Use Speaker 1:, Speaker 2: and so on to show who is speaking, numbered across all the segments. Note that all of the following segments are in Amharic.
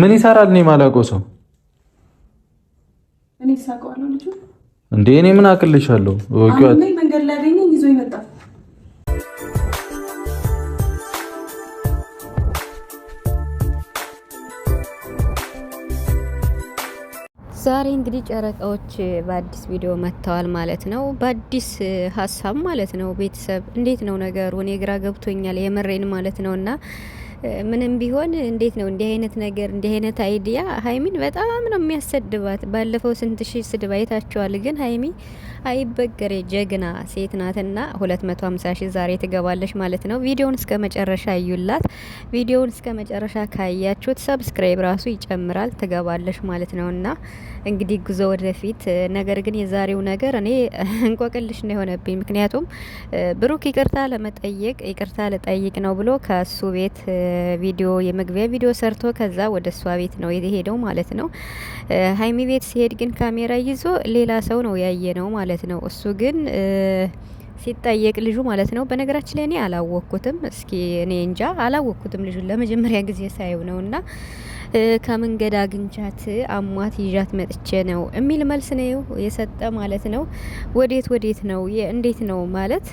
Speaker 1: ምን ይሰራል? እኔ ማላውቀው ሰው እንዴ እኔ ምን አቅልሻለሁ?
Speaker 2: መንገድ ላይ ገኘኝ ይዞ ይመጣ
Speaker 3: ዛሬ እንግዲህ ጨረቃዎች በአዲስ ቪዲዮ መጥተዋል ማለት ነው። በአዲስ ሀሳብ ማለት ነው። ቤተሰብ እንዴት ነው ነገሩ? እኔ ግራ ገብቶኛል የምሬን ማለት ነውና ምንም ቢሆን እንዴት ነው እንዲህ አይነት ነገር እንዲህ አይነት አይዲያ ሀይሚን በጣም ነው የሚያሰድባት። ባለፈው ስንት ሺህ ስድብ አይታችኋል። ግን ሀይሚ አይበገሬ ጀግና ሴት ናትና 250 ሺህ ዛሬ ትገባለች ማለት ነው። ቪዲዮውን እስከ መጨረሻ እዩላት። ቪዲዮውን እስከ መጨረሻ ካያችሁት ሰብስክራይብ ራሱ ይጨምራል ትገባለች ማለት ነውና እንግዲህ ጉዞ ወደፊት። ነገር ግን የዛሬው ነገር እኔ እንቆቅልሽ ነው የሆነብኝ። ምክንያቱም ብሩክ ይቅርታ ለመጠየቅ ይቅርታ ልጠይቅ ነው ብሎ ከሱ ቤት ቪዲዮ የመግቢያ ቪዲዮ ሰርቶ ከዛ ወደ እሷ ቤት ነው የሄደው ማለት ነው። ሀይሚ ቤት ሲሄድ ግን ካሜራ ይዞ ሌላ ሰው ነው ያየ ነው ማለት ማለት ነው። እሱ ግን ሲጠየቅ ልጁ ማለት ነው። በነገራችን ላይ እኔ አላወቅኩትም። እስኪ እኔ እንጃ አላወቅኩትም። ልጁን ለመጀመሪያ ጊዜ ሳየው ነውና ከመንገድ አግኝቻት አሟት ይዣት መጥቼ ነው የሚል መልስ ነው የሰጠ ማለት ነው። ወዴት ወዴት ነው እንዴት ነው ማለት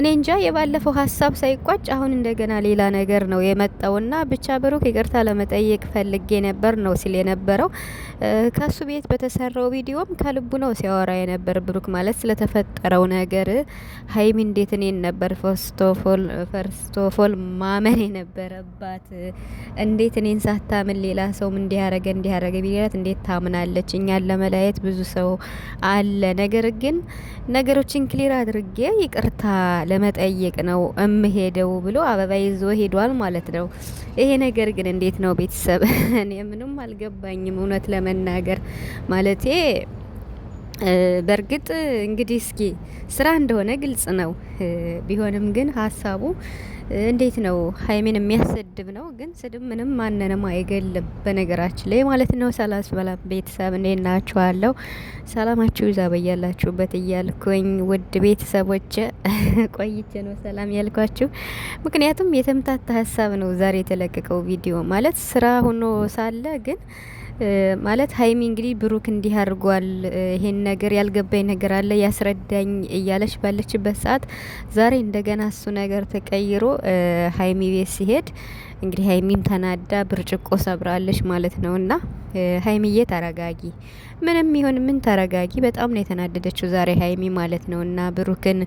Speaker 3: እኔ እንጃ የባለፈው ሀሳብ ሳይቋጭ አሁን እንደገና ሌላ ነገር ነው የመጣውና ብቻ ብሩክ ይቅርታ ለመጠየቅ ፈልጌ ነበር ነው ሲል የነበረው። ከሱ ቤት በተሰራው ቪዲዮም ከልቡ ነው ሲያወራ የነበር ብሩክ ማለት ስለተፈጠረው ነገር ሀይሚ እንዴት እኔን ነበር ፈርስቶፎል ፈርስቶፎል ማመን የነበረባት እንዴት እኔን ሳታምን ሌላ ሰውም እንዲያረገ እንዲያረገ ቢላት እንዴት ታምናለች? እኛን ለመለያየት ብዙ ሰው አለ። ነገር ግን ነገሮችን ክሊር አድርጌ ይቅርታ ለመጠየቅ ነው እምሄደው ብሎ አበባ ይዞ ሄዷል ማለት ነው። ይሄ ነገር ግን እንዴት ነው ቤተሰብ? እኔ ምንም አልገባኝም እውነት ለመናገር ማለቴ በእርግጥ እንግዲህ እስኪ ስራ እንደሆነ ግልጽ ነው። ቢሆንም ግን ሀሳቡ እንዴት ነው ሀይሜን የሚያሰድብ ነው። ግን ስድብ ምንም ማንንም አይገልም፣ በነገራችን ላይ ማለት ነው። ሰላስ በላ ቤተሰብ እንዴት ናችኋለሁ? ሰላማችሁ ይዛ በያላችሁበት እያልኩኝ ውድ ቤተሰቦች ቆይቼ ነው ሰላም ያልኳችሁ። ምክንያቱም የተምታታ ሀሳብ ነው ዛሬ የተለቀቀው ቪዲዮ ማለት ስራ ሆኖ ሳለ ግን ማለት ሀይሚ እንግዲህ ብሩክ እንዲህ አድርጓል፣ ይሄን ነገር ያልገባኝ ነገር አለ ያስረዳኝ እያለች ባለችበት ሰዓት ዛሬ እንደገና እሱ ነገር ተቀይሮ ሀይሚ ቤት ሲሄድ እንግዲህ ሀይሚም ተናዳ ብርጭቆ ሰብራለች ማለት ነው እና ሀይሚዬ ተረጋጊ። ምንም ይሁን ምን ተረጋጊ። በጣም ነው የተናደደችው ዛሬ ሀይሚ ማለት ነው። እና ብሩክን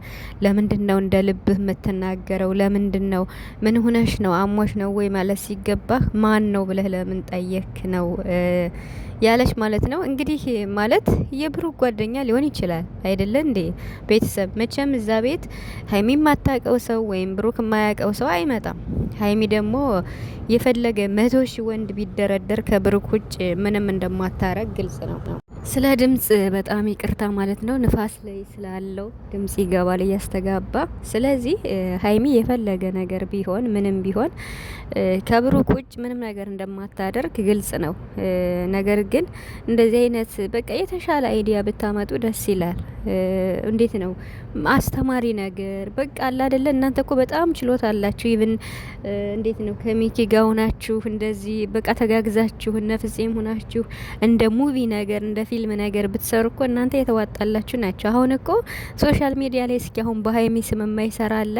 Speaker 3: ለምንድን ነው እንደ ልብህ የምትናገረው? ለምንድን ነው ምን ሁነሽ ነው? አሞሽ ነው ወይ ማለት ሲገባህ ማን ነው ብለህ ለምን ጠየክ ነው ያለች ማለት ነው። እንግዲህ ማለት የብሩክ ጓደኛ ሊሆን ይችላል አይደለ እንዴ? ቤተሰብ መቼም እዛ ቤት ሀይሚ የማታውቀው ሰው ወይም ብሩክ የማያውቀው ሰው አይመጣም። ሀይሚ ደግሞ የፈለገ መቶ ሺህ ወንድ ቢደረደር ከብሩክ ውጭ ምንም እንደማታረግ ግልጽ ነው። ስለ ድምጽ በጣም ይቅርታ ማለት ነው። ንፋስ ላይ ስላለው ድምጽ ይገባል እያስተጋባ። ስለዚህ ሀይሚ የፈለገ ነገር ቢሆን ምንም ቢሆን ከብሩክ ውጭ ምንም ነገር እንደማታደርግ ግልጽ ነው። ነገር ግን እንደዚህ አይነት በቃ የተሻለ አይዲያ ብታመጡ ደስ ይላል። እንዴት ነው አስተማሪ ነገር በቃ አለ አይደለ? እናንተ እኮ በጣም ችሎታ አላችሁ። ኢቭን እንዴት ነው ከሚኪ ጋር ሆናችሁ እንደዚህ በቃ ተጋግዛችሁ እነ ፍጼም ሆናችሁ እንደ ሙቪ ነገር እንደ ፊልም ነገር ብትሰሩ እኮ እናንተ የተዋጣላችሁ ናቸው። አሁን እኮ ሶሻል ሚዲያ ላይ እስኪ አሁን በሀይሚ ስም የማይሰራ አለ?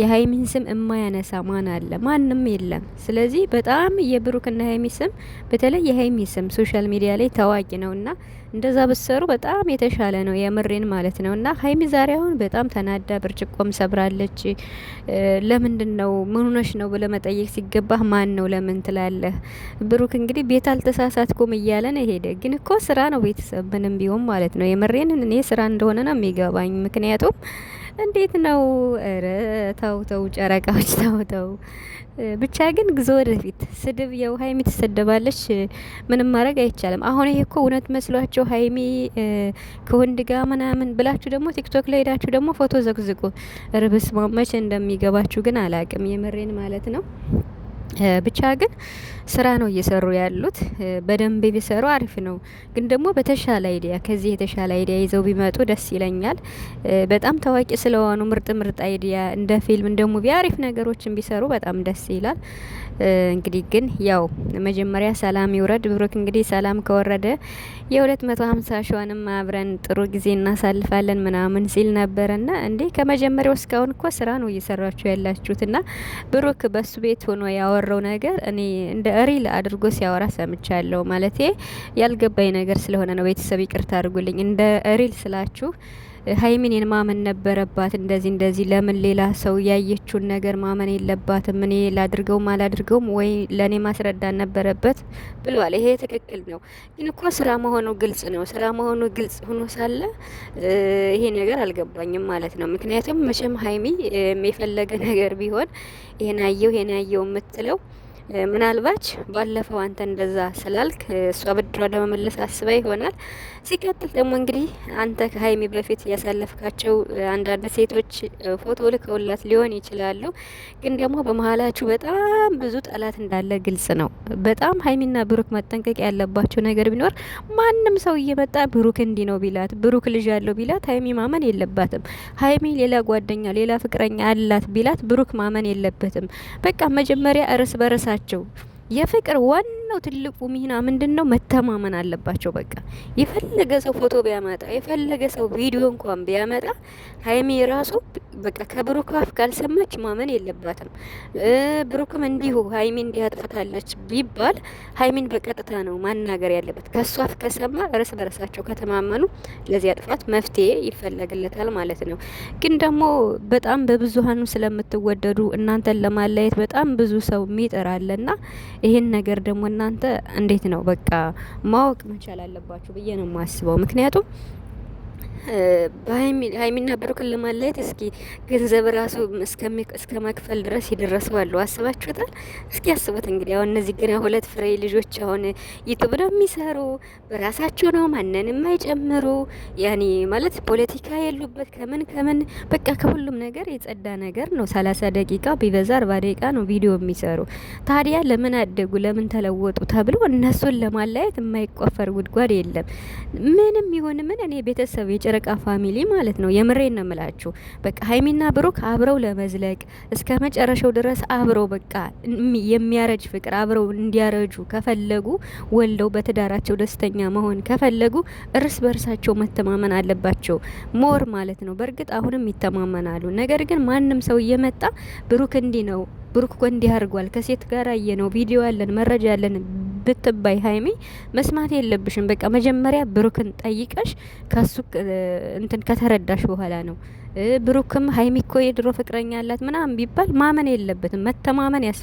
Speaker 3: የሀይሚን ስም የማያነሳ ማን አለ? ማንም የለም። ስለዚህ በጣም የብሩክና ሀይሚ ስም በተለይ የሀይሚ ስም ሶሻል ሚዲያ ላይ ታዋቂ ነውና እንደዛ በሰሩ በጣም የተሻለ ነው። የምሬን ማለት ነው። እና ሀይሚ ዛሬ አሁን በጣም ተናዳ ብርጭቆም ሰብራለች። ለምንድን ነው ሆነሽ ነው ብለ መጠየቅ ሲገባህ ማን ነው ለምን ትላለህ? ብሩክ እንግዲህ ቤት አልተሳሳትኩም እያለን ሄደ። ግን እኮ ስራ ነው ቤተሰብ ምንም ቢሆን ማለት ነው። የምሬን እኔ ስራ እንደሆነ ነው የሚገባኝ ምክንያቱም እንዴት ነው? ኧረ ተው ተው ጨረቃዎች ተው ተው። ብቻ ግን ግዞ ወደፊት። ስድብ የው ሀይሚ ትሰደባለች፣ ምንም ማድረግ አይቻልም። አሁን ይሄ እኮ እውነት መስሏቸው ሀይሚ ከወንድ ጋር ምናምን ብላችሁ ደግሞ ቲክቶክ ላይ ሄዳችሁ ደግሞ ፎቶ ዘግዝቁ። ርብስ ማመች እንደሚገባችሁ ግን አላቅም፣ የምሬን ማለት ነው። ብቻ ግን ስራ ነው እየሰሩ ያሉት። በደንብ ቢሰሩ አሪፍ ነው። ግን ደግሞ በተሻለ አይዲያ ከዚህ የተሻለ አይዲያ ይዘው ቢመጡ ደስ ይለኛል። በጣም ታዋቂ ስለሆኑ ምርጥ ምርጥ አይዲያ እንደ ፊልም፣ እንደ ሙቪ አሪፍ ነገሮችን ቢሰሩ በጣም ደስ ይላል። እንግዲህ ግን ያው መጀመሪያ ሰላም ይውረድ። ብሩክ እንግዲህ ሰላም ከወረደ የ250 ሺዋንም አብረን ጥሩ ጊዜ እናሳልፋለን ምናምን ሲል ና እንዴ ከመጀመሪያው እስካሁን እኮ ስራ ነው እየሰራችሁ ያላችሁት ና ብሩክ በሱ ቤት ሆኖ ያወራው ነገር እኔ እንደ ሪል አድርጎ ሲያወራ ሰምቻለሁ። ማለት ያልገባኝ ነገር ስለሆነ ነው። ቤተሰብ ይቅርታ አድርጉልኝ። እንደ ሪል ስላችሁ ሀይሚን ማመን ነበረባት። እንደዚህ እንደዚህ ለምን ሌላ ሰው ያየችውን ነገር ማመን የለባትም። እኔ ላድርገውም አላድርገውም ወይ ለእኔ ማስረዳት ነበረበት ብለዋል። ይሄ ትክክል ነው፣ ግን እኮ ስራ መሆኑ ግልጽ ነው። ስራ መሆኑ ግልጽ ሆኖ ሳለ ይሄ ነገር አልገባኝም ማለት ነው። ምክንያቱም መቼም ሀይሚ የፈለገ ነገር ቢሆን ይሄን አየው ይሄን አየው የምትለው ምናልባች ባለፈው አንተ እንደዛ ስላልክ እሷ ብድሯ ለመመለስ አስባ ይሆናል። ሲቀጥል ደግሞ እንግዲህ አንተ ከሀይሚ በፊት ያሳለፍካቸው አንዳንድ ሴቶች ፎቶ ልከውላት ሊሆን ይችላሉ። ግን ደግሞ በመሀላችሁ በጣም ብዙ ጠላት እንዳለ ግልጽ ነው። በጣም ሀይሚና ብሩክ መጠንቀቅ ያለባቸው ነገር ቢኖር ማንም ሰው እየመጣ ብሩክ እንዲ ነው ቢላት፣ ብሩክ ልጅ ያለው ቢላት ሀይሚ ማመን የለባትም። ሀይሚ ሌላ ጓደኛ ሌላ ፍቅረኛ አላት ቢላት ብሩክ ማመን የለበትም። በቃ መጀመሪያ እርስ በርሳ ናቸው። የፍቅር ዋናው ትልቁ ሚና ምንድን ነው? መተማመን አለባቸው። በቃ የፈለገ ሰው ፎቶ ቢያመጣ የፈለገ ሰው ቪዲዮ እንኳን ቢያመጣ ሀይሚ ራሱ በቃ ከብሩክ አፍ ካልሰማች ማመን የለባትም። ብሩክም እንዲሁ ሀይሚን እንዲያጥፋታለች ቢባል ሀይሚን በቀጥታ ነው ማናገር ያለበት። ከእሱ አፍ ከሰማ እርስ በርሳቸው ከተማመኑ ለዚህ አጥፋት መፍትሄ ይፈለግለታል ማለት ነው። ግን ደግሞ በጣም በብዙሀኑ ስለምትወደዱ እናንተን ለማለየት በጣም ብዙ ሰው አለና ይህን ነገር ደግሞ እናንተ እንዴት ነው በቃ ማወቅ መቻል አለባችሁ ብዬ ነው የማስበው ምክንያቱም ሀይሚና ብሩክን ለማለየት እስኪ ገንዘብ ራሱ እስከ መክፈል ድረስ የደረሰው አሉ። አስባችሁታል? እስኪ አስቡት እንግዲህ። አሁን እነዚህ ገና ሁለት ፍሬ ልጆች አሁን ዩቱብ ነው የሚሰሩ በራሳቸው ነው፣ ማንን የማይጨምሩ ያኔ ማለት ፖለቲካ የሉበት ከምን ከምን በቃ ከሁሉም ነገር የጸዳ ነገር ነው። ሰላሳ ደቂቃ ቢበዛ አርባ ደቂቃ ነው ቪዲዮ የሚሰሩ። ታዲያ ለምን አደጉ ለምን ተለወጡ ተብሎ እነሱን ለማለየት የማይቆፈር ጉድጓድ የለም። ምንም ይሁን ምን እኔ ቤተሰብ የጭረ የጨረቃ ፋሚሊ ማለት ነው። የምሬ ነው የምላችሁ። በቃ ሀይሚና ብሩክ አብረው ለመዝለቅ እስከ መጨረሻው ድረስ አብረው በቃ የሚያረጅ ፍቅር አብረው እንዲያረጁ ከፈለጉ ወልደው በትዳራቸው ደስተኛ መሆን ከፈለጉ እርስ በርሳቸው መተማመን አለባቸው ሞር ማለት ነው። በእርግጥ አሁንም ይተማመናሉ። ነገር ግን ማንም ሰው እየመጣ ብሩክ እንዲህ ነው ብሩክ እኮ እንዲህ አድርጓል ከሴት ጋር አየ ነው ቪዲዮ ያለን መረጃ ያለን ብትባይ ሀይሚ መስማት የለብሽም። በቃ መጀመሪያ ብሩክን ጠይቀሽ ከሱ እንትን ከተረዳሽ በኋላ ነው። ብሩክም ሀይሚ እኮ የድሮ ፍቅረኛ አላት ምናምን ቢባል ማመን የለበትም መተማመን ያስ